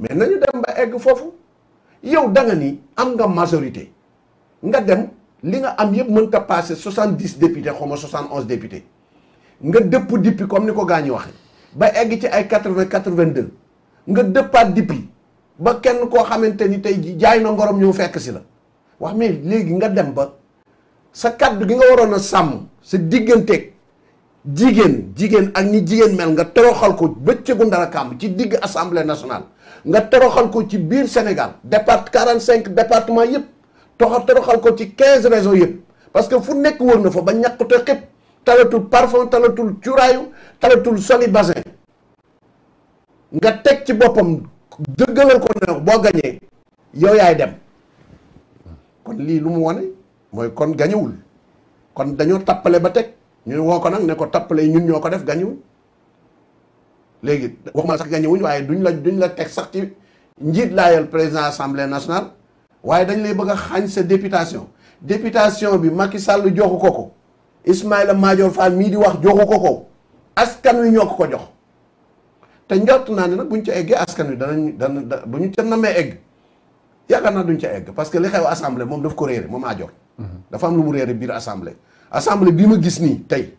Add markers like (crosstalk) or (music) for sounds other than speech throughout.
mais nañu dem ba egg foofu yow da ni am nga majorité nga dem li nga am yëpp mën ta passé soixante dix députés xaw ma soixante onze députés nga dëpp dippi comme ni ko gaa ñi waxee ba egg ci ay quatre vingt quatre vingt deux nga dëppaat dippi ba kenn koo xamante ni tey jii jaay na ngorom ñëw fekk si la wax mais léegi nga dem ba sa kàddu gi nga waroon a sàmm sa digganteeg jigéen jigéen ak ni jigéen mel nga toroxal ko bëccëgu ndara kàmm ci digg assemblée nationale. nga toroxal ko ci biir Sénégal départ 45 département yëpp toxa toroxal ko ci 15 régions yëpp parce que fu nekk wër na fa ba ñàkk te xëpp talatul parfum talatul curaayu talatul soli basin nga teg ci boppam dëggalal ko ne boo gañee yow yaay dem kon lii lu mu wane mooy kon gañewul kon dañoo tappale ba teg ñu woo ko nag ne ko tappale ñun ñoo ko def gañewul léegi waxuma sax gagné wuñ waaye duñ la duñ la teg sax ci njiit laayal président assemblée nationale waaye dañ lay bëgg a xañ sa députation députation bi Macky sàll joxu ko ko Ismaïla Madior Fall mii di wax joxu ko ko askan wi ñoo ko ko jox te njort naa ni nag buñ ca eggee askan wi danañ dana bu ñu ca namee egg yaakaar naa duñ ca egg parce que li xew assemblée moom daf ko réere moom Madior mhm. dafa am lu mu réere biir assemblée assemblée bii ma gis nii tey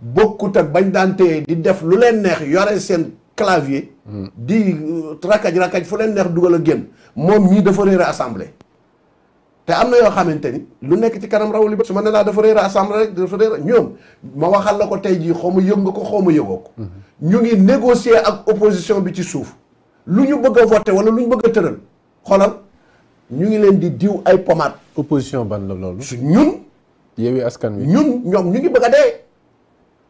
bokkut ak bañ daan téye di def lu leen neex yore seen clavier. di rakaj rakaj fu leen neex dugal a génn moom ñii dafa réer assemblée. te am na yoo xamante ni lu nekk ci kanam raw li ba su ma ne laa dafa réer assemblée rek dafa réer ñoom ma waxal la ko tey jii xaw ma yëg nga ko xaw ma yëgoo ko. Mhm. ñu ngi négocier ak opposition bi ci suuf lu ñu bëgg a voté wala lu ñu bëgg a tëral xoolal ñu ngi leen di diw ay pommade. opposition ban la loolu. su ñun. yeewi askan wi ñun ñoom ñu ngi bëgg a dee.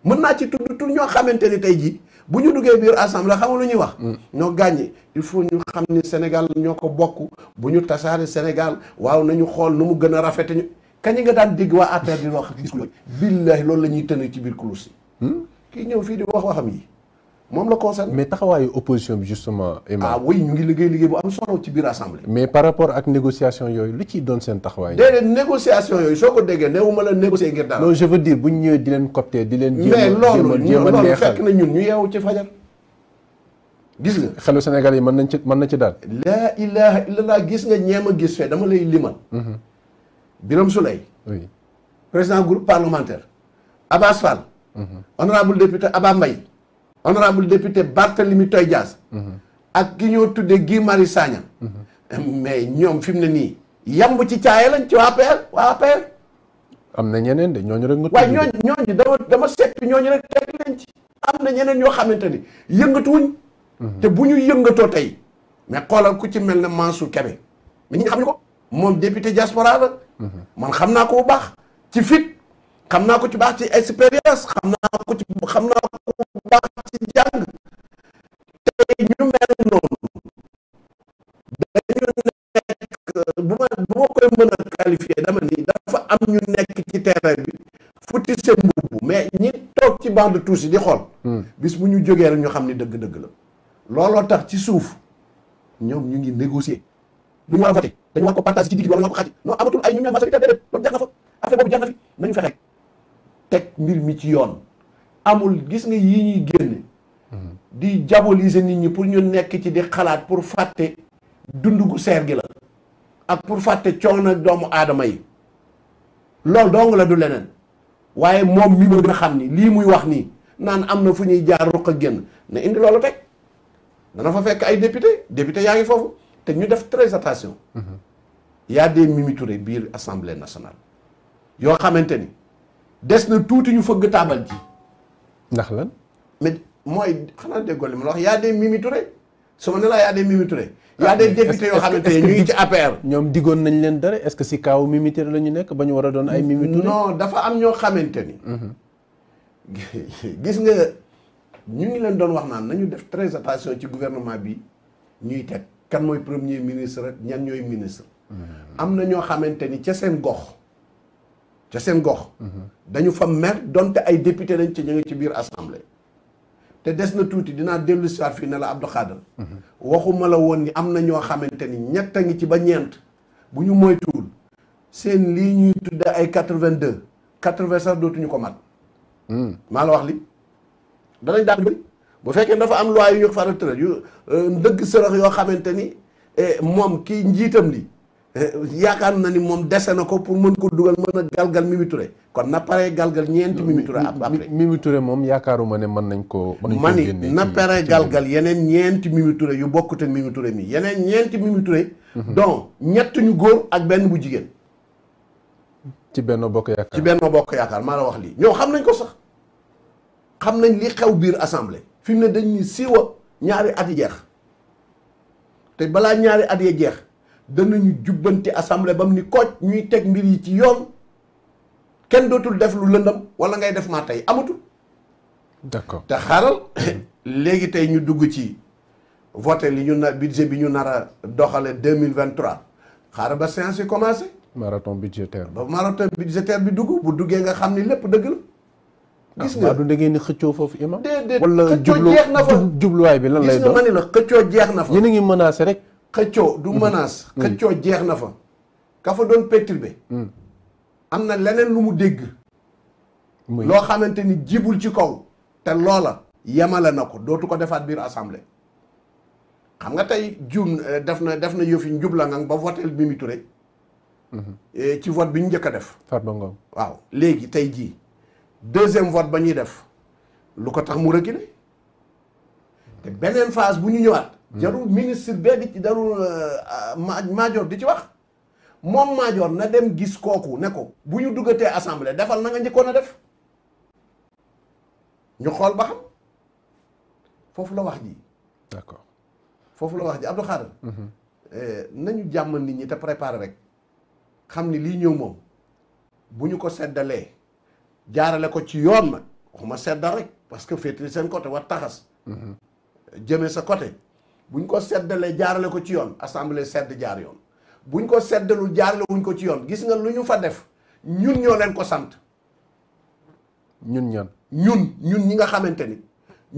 mën naa ci tudd tur ñoo xamante ni tey jii bu ñu duggee biir assemblée xam lu ñuy wax. Mm. ñoo gàññi il faut ñu xam ni Sénégal ñoo ko bokk bu ñu tasaare Sénégal waaw nañu xool nu mu gën a rafet ñu kañ nga daan dégg waa APR di wax discours billahi loolu la ñuy tënk ci biir kulus yi. Hmm? kii ñëw fii di wax waxam yi. moom la concerne. mais taxawaayu opposition bi justement. ah oui ñu ngi liggéey liggéey bu am solo ci biir assemblée. mais par rapport ak négociation yooyu lu ciy doon seen taxawaay. déedéet négociation yooyu soo ko déggee newuma la négocier ngir dara. non je veux dire bu ñu ñëwee di leen copter di leen. jéem mais na ñun ñu yeewu ci fajar. gis nga xelu Sénégal yi mën nañ ci mën na ci daal. laa ilaha laa gis nga ñeem a gis fee dama lay limal. Mhm. Birame Souleye. oui président groupe parlementaire. Abass Fall. Mhm. honorable député Abba Mbaye honorable député Barthélemy Toye jaas mhm. ak gi ñoo tuddee gi Marius Sagna mhm. mais ñoom fi mu ne nii yamb ci caaye lañ ci waa APR waa APR am na ñeneen de ñooñu rek nga waaye ñooñu ñooñu dama dama seetlu ñooñu rek teg leen ci am na ñeneen ñoo xamante ni yëngatuwuñ mhm. te bu ñu yëngatoo tey mais xoolal ku ci mel na Mansour Kébé mais ñi xam ñu ko moom député diaspora la man xam naa ko bu baax ci fit xam naa ko ci baax ci expérience xam naa ko ci xam naa ko baax ci njàng tey ñu mel noonu dañu nekk bu ma bu ma koy mën qualifier dama ni dafa am ñu nekk ci terrain bi futti seen mbubb mais ñi toog ci banc de touche di xool hmm. bis bu ñu jógee rek ñu xam ni dëgg-dëgg la looloo tax ci suuf ñoom ñu ngi négocier lu ñu war a voté dañu war ko partage ci digg bi wala ko xaaj non amatul ay ñu ñoo majorité déedéet loolu jar na teg mbir mi ci yoon amul gis nga yii ñuy génne mhm. di diaboliser nit ñi pour ñu nekk ci di xalaat pour fàtte dund gu seer gi la ak pour fàtte coono doomu aadama yi loolu dong la du leneen waaye moom mi ma a xam ni lii muy wax nii naan am na fu ñuy jaar ruq a génn na indi loolu teg dana fa fekk ay député député yaa ngi foofu te ñu def très attention mhm. y a des biir assemblée nationale yoo xamante ni des na tuuti ñu fëgg taabal ji ndax lan mais mooy xanaa déggoo li ma la wax yaa a des Mimi Touré su ma ne laa y a des Mimi Touré y a ah, yoo xamante ne ñu ngi ci APR ñoom diggoon nañ leen dara est-ce que si kaaw Mimi Touré la ñu nekk ba ñu war a doon ay Mimi Touré non dafa am ñoo xamante ni mhm. gis nga ñu ngi leen doon wax naan nañu def très attention ci gouvernement bi ñuy teg kan mooy premier ministre ak ñan ñooy ministre mhm. am na ñoo xamante ni ca seen gox ca seen gox. dañu fa mer donte ay député lañ ci ña ngi ci biir assemblée. te des na tuuti dinaa dellu si waat fii ne la Abdou Khadre. waxuma la woon ni am na ñoo xamante ni ñett a ngi ci ba ñeent bu ñu moytuwul seen lii ñuy tudde ay quatre-vingt-deux quatre-vingt sax dootuñu ko mat. Hmm. maa la wax li danañ daal di bu fekkee dafa am loi yu ñu faral tëral euh, ndëgg sërëx yoo xamante ni eh, moom kii njiitam li Eh, yaakaar na ni moom dese na ko pour mën ko dugal mën a galgal Mimi kon na pare galgal ñeenti Mimi Touré après Mimi Touré moom yaakaaruma ne mën nañ ko ma ni na pare galgal yeneen ñeenti Mimi Touré yu bokkut ak mii Touré mi yeneen ñeenti Mimi mhm. donc ñett ñu góor ak benn bu jigéen ci benn Bokk Yaakaar ci Benno Bokk Yaakaar maa la wax lii ñoo xam nañ ko sax xam nañ li xew biir assemblée fi mu ne dañuy siiwa ñaari at yi jeex te balaa ñaari at yi jeex danañu jubbanti ba bam ni kooj ñuy teg mbir yi ci yoon kenn dootul def lu lëndam wala ngay def ma tey amatul. d'accord te xaaral (coughs) léegi tey ñu dugg ci voté li ñu na budget bi ñu nar a doxale mille vingt trois xaaral ba séance yi commencé. marathon budgétaire ba marathon budgétaire bi dugg bu duggee nga xam ni lépp dëgg la. Ah, gis nga du da ngeen ni xëccoo foofu imam déedéet wala xëccoo jeex na fa jubluwaay bi lan lay doon gis nga ma ni la xëccoo jeex na fa. yéen a ngi menacé rek. xëccoo du mhm. menace. Mhm. xëccoo jeex na fa. ka doon perturbé. Mhm. am na leneen lu mu dégg. loo xamante ni jibul ci kaw. te loola yemale na ko dootu ko defaat biir assemblée. xam nga tey juum euh, def na def na yëfi njubla ngang ba votel Mimi Touré. ci vote bi ñu njëkk a def. waaw léegi tey jii deuxième vote ba ñuy def lu ko tax mu reculer. te beneen phase bu ñu ñëwaat. Hmm. jarul ministre be di ci jarul euh, maajoor di ci wax moom maajoor na dem gis kooku ne ko bu ñu duggatee assemblée defal na nga njëkkoon a def ñu xool ba xam foofu la wax ji d'accord foofu la wax ji Abdou Khadre mm-hmm. euh, nañu jàmmal nit ñi te préparer rek xam ni lii ñëw moom bu ñu ko seddalee jaarale ko ci yoon ma waxuma seddal rek parce que féetali seen côté wa taxas mm-hmm. jëme sa côté bu buñ ko seddalee jaarale ko ci yoon assemblée sedd jaar yoon bu buñ ko seddalul jaarale wuñ ko ci yoon gis nga lu ñu fa def ñun ñoo leen ko sant ñun ñan ñun ñun ñi nga xamante ni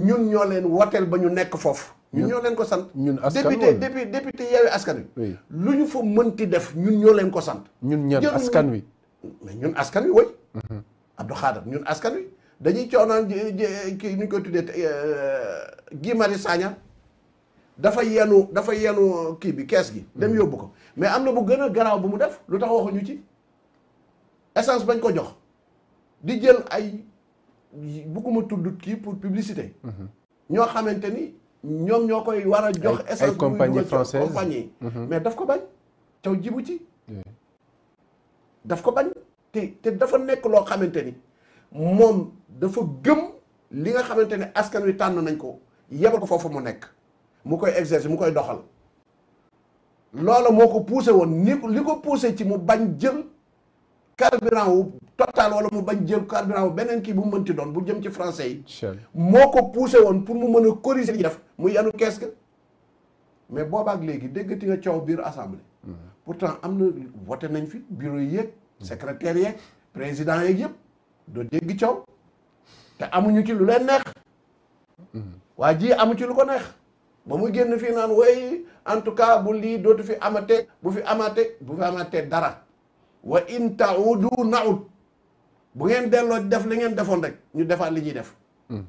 ñun ñoo leen woteel ba ñu nekk foofu ñun ñoo leen ko sant ñun askan député député député wi lu ñu fa mënti def ñun ñoo leen ko sant ñun ñan askan wi mais ñun askan wi woy mhm. Abdou Khadre ñun askan wi dañuy coonaan ki ñu ko tuddee euh, Guy Marius Sagna dafa yenu dafa yenu uh, kii bi kees gi dem hmm. yóbbu ko mais am na bu gën a garaaw bu mu def lu tax waxuñu ci essence bañ ko jox di jël ay bugguma tudd kii pour publicité hmm. ñoo xamante ni ñoom ñoo koy war a jox essence compagnie française compagnie hmm. mais daf ko bañ taw jibu ci daf ko bañ te te dafa nekk loo xamante ni moom dafa gëm li nga xamante ni askan wi tànn nañ ko yebal ko foofu mu nekk mu koy exercer mu koy doxal loola moo ko poussé woon ni li ko poussé ci mu bañ jël carburant wu total wala mu bañ jël carburant wu beneen kii bu mu mënti doon bu jëm ci français yi moo ko poussé woon pour mu mën a corriger yi def mu yanu kees ga mais boobaak léegi déggati nga coow biir assemblée hmm. pourtant am na voté nañ fi bureau yëpp yeeg hmm. secrétaire yeeg yeeg yëpp doo dégg coow te amuñu ci lu leen neex hmm. waa ji amu ci lu ko neex ba mu génn fii naan way en tout cas bu lii dootu fi amate bu fi amate bu fi amate dara wa in taudu naud bu ngeen delloo def li ngeen defoon rek ñu defaat li ñuy def hmm.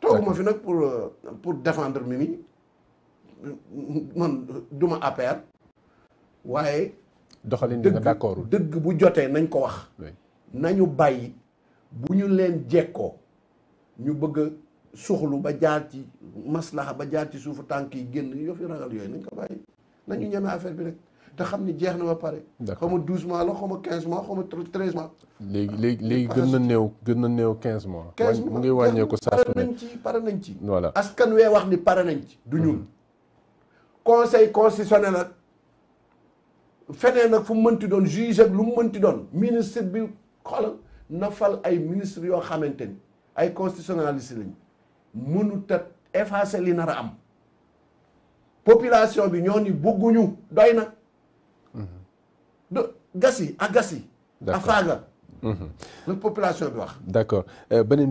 tooguma fi nag pour defendre euh, défendre Mimi man du ma waaye doxalin bi dëgg bu jotee nañ ko wax nañu bàyyi bu ñu leen jekkoo ñu bëgg suxlu ba jaar ci maslaxa ba jaar ci suufu tànk yi génn yoo fi ragal yooyu nañ ko bàyyi nañu ñeme affaire bi rek te xam ni jeex na ba pare. d'accord xaw ma douze mois la xaw ma quinze mois xaw ma treize mois. léegi léegi léegi gën na néew gën na néew quinze mois. quinze mois mu ngi wàññeeku saa su ne ci pare nañ ci. voilà askan wee wax ni pare nañ ci. du ñun mm-hmm. conseil constitutionnel nag feneen nag fu mu mënti doon juge ak lu mu mënti doon ministre bi xoolal na fal ay ministre yoo xamante ni ay constitutionnaliste lañ. mënut a effacer li nar a am population bi ñoo ni bëgguñu doy na. Mhm. do gasi yi ak a faaga mhm. la population bi wax. d'accord euh, beneen.